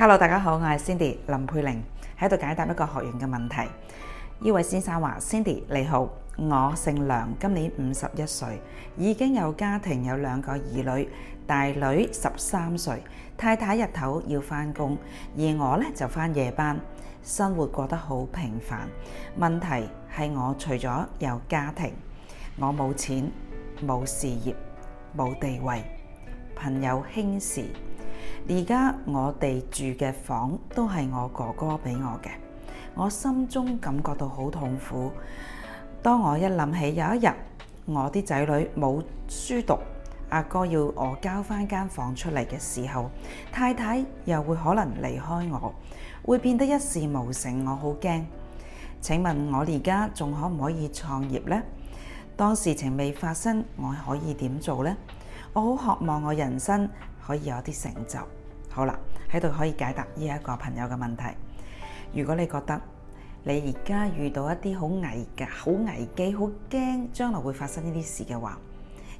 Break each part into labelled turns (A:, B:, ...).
A: Hello，大家好，我係 Cindy 林佩玲，喺度解答一個學員嘅問題。呢位先生話：Cindy 你好，我姓梁，今年五十一歲，已經有家庭，有兩個兒女，大女十三歲，太太日頭要翻工，而我咧就翻夜班，生活過得好平凡。問題係我除咗有家庭，我冇錢、冇事業、冇地位，朋友輕視。而家我哋住嘅房都係我哥哥俾我嘅，我心中感覺到好痛苦。當我一諗起有一日我啲仔女冇書讀，阿哥要我交翻間房出嚟嘅時候，太太又會可能離開我，會變得一事無成，我好驚。請問我而家仲可唔可以創業呢？當事情未發生，我可以點做呢？我好渴望我人生可以有啲成就。好啦，喺度可以解答呢一個朋友嘅問題。如果你覺得你而家遇到一啲好危嘅、好危機、好驚，將來會發生呢啲事嘅話，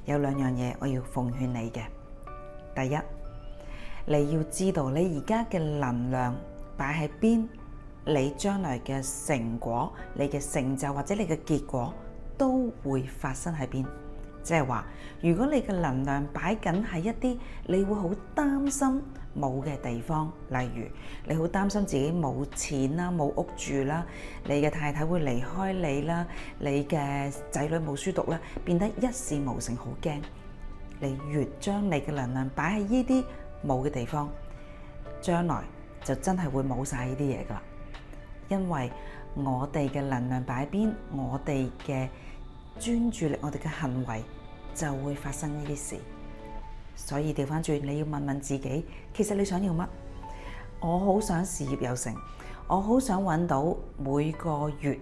A: 有兩樣嘢我要奉勸你嘅。第一，你要知道你而家嘅能量擺喺邊，你將來嘅成果、你嘅成就或者你嘅結果都會發生喺邊。即係話，如果你嘅能量擺緊喺一啲你會好擔心冇嘅地方，例如你好擔心自己冇錢啦、冇屋住啦、你嘅太太會離開你啦、你嘅仔女冇書讀啦，變得一事無成，好驚。你越將你嘅能量擺喺呢啲冇嘅地方，將來就真係會冇晒呢啲嘢噶啦。因為我哋嘅能量擺邊，我哋嘅。專注力，我哋嘅行為就會發生呢啲事。所以調返轉，你要問問自己，其實你想要乜？我好想事業有成，我好想揾到每個月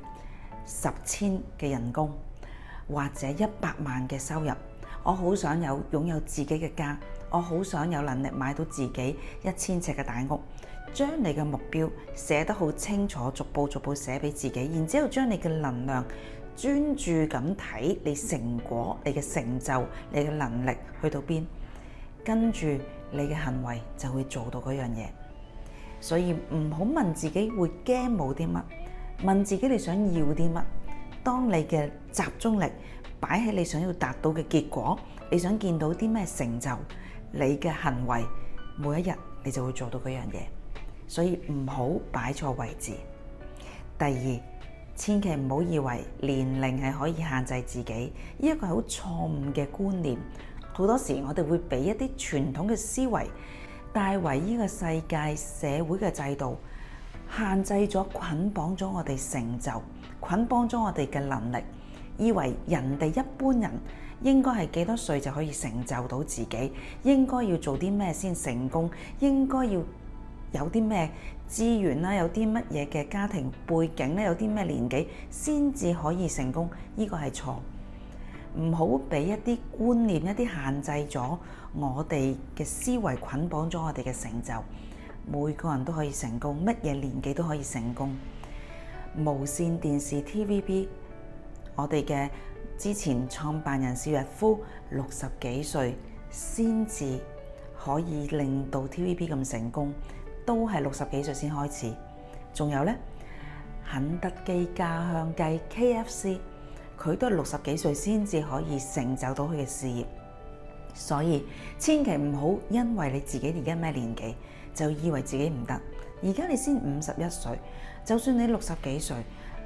A: 十千嘅人工，或者一百萬嘅收入。我好想有擁有自己嘅家，我好想有能力買到自己一千尺嘅大屋。將你嘅目標寫得好清楚，逐步逐步寫俾自己，然之後將你嘅能量。專注咁睇你成果、你嘅成就、你嘅能力去到邊，跟住你嘅行為就會做到嗰樣嘢。所以唔好問自己會驚冇啲乜，問自己你想要啲乜。當你嘅集中力擺喺你想要達到嘅結果，你想見到啲咩成就，你嘅行為每一日你就會做到嗰樣嘢。所以唔好擺錯位置。第二。千祈唔好以為年齡係可以限制自己，呢一個係好錯誤嘅觀念。好多時我哋會俾一啲傳統嘅思維，帶為呢個世界社會嘅制度限制咗，捆綁咗我哋成就，捆綁咗我哋嘅能力。以為人哋一般人應該係幾多歲就可以成就到自己，應該要做啲咩先成功，應該要。有啲咩資源啦？有啲乜嘢嘅家庭背景咧？有啲咩年紀先至可以成功？呢個係錯，唔好俾一啲觀念、一啲限制咗我哋嘅思維，捆綁咗我哋嘅成就。每個人都可以成功，乜嘢年紀都可以成功。無線電視 TVB，我哋嘅之前創辦人邵逸夫六十幾歲先至可以令到 TVB 咁成功。都係六十幾歲先開始，仲有咧，肯德基家鄉雞 KFC，佢都係六十幾歲先至可以成就到佢嘅事業，所以千祈唔好因為你自己而家咩年紀就以為自己唔得。而家你先五十一歲，就算你六十幾歲，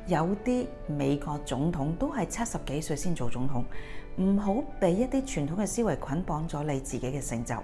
A: 有啲美國總統都係七十幾歲先做總統，唔好俾一啲傳統嘅思維捆綁咗你自己嘅成就。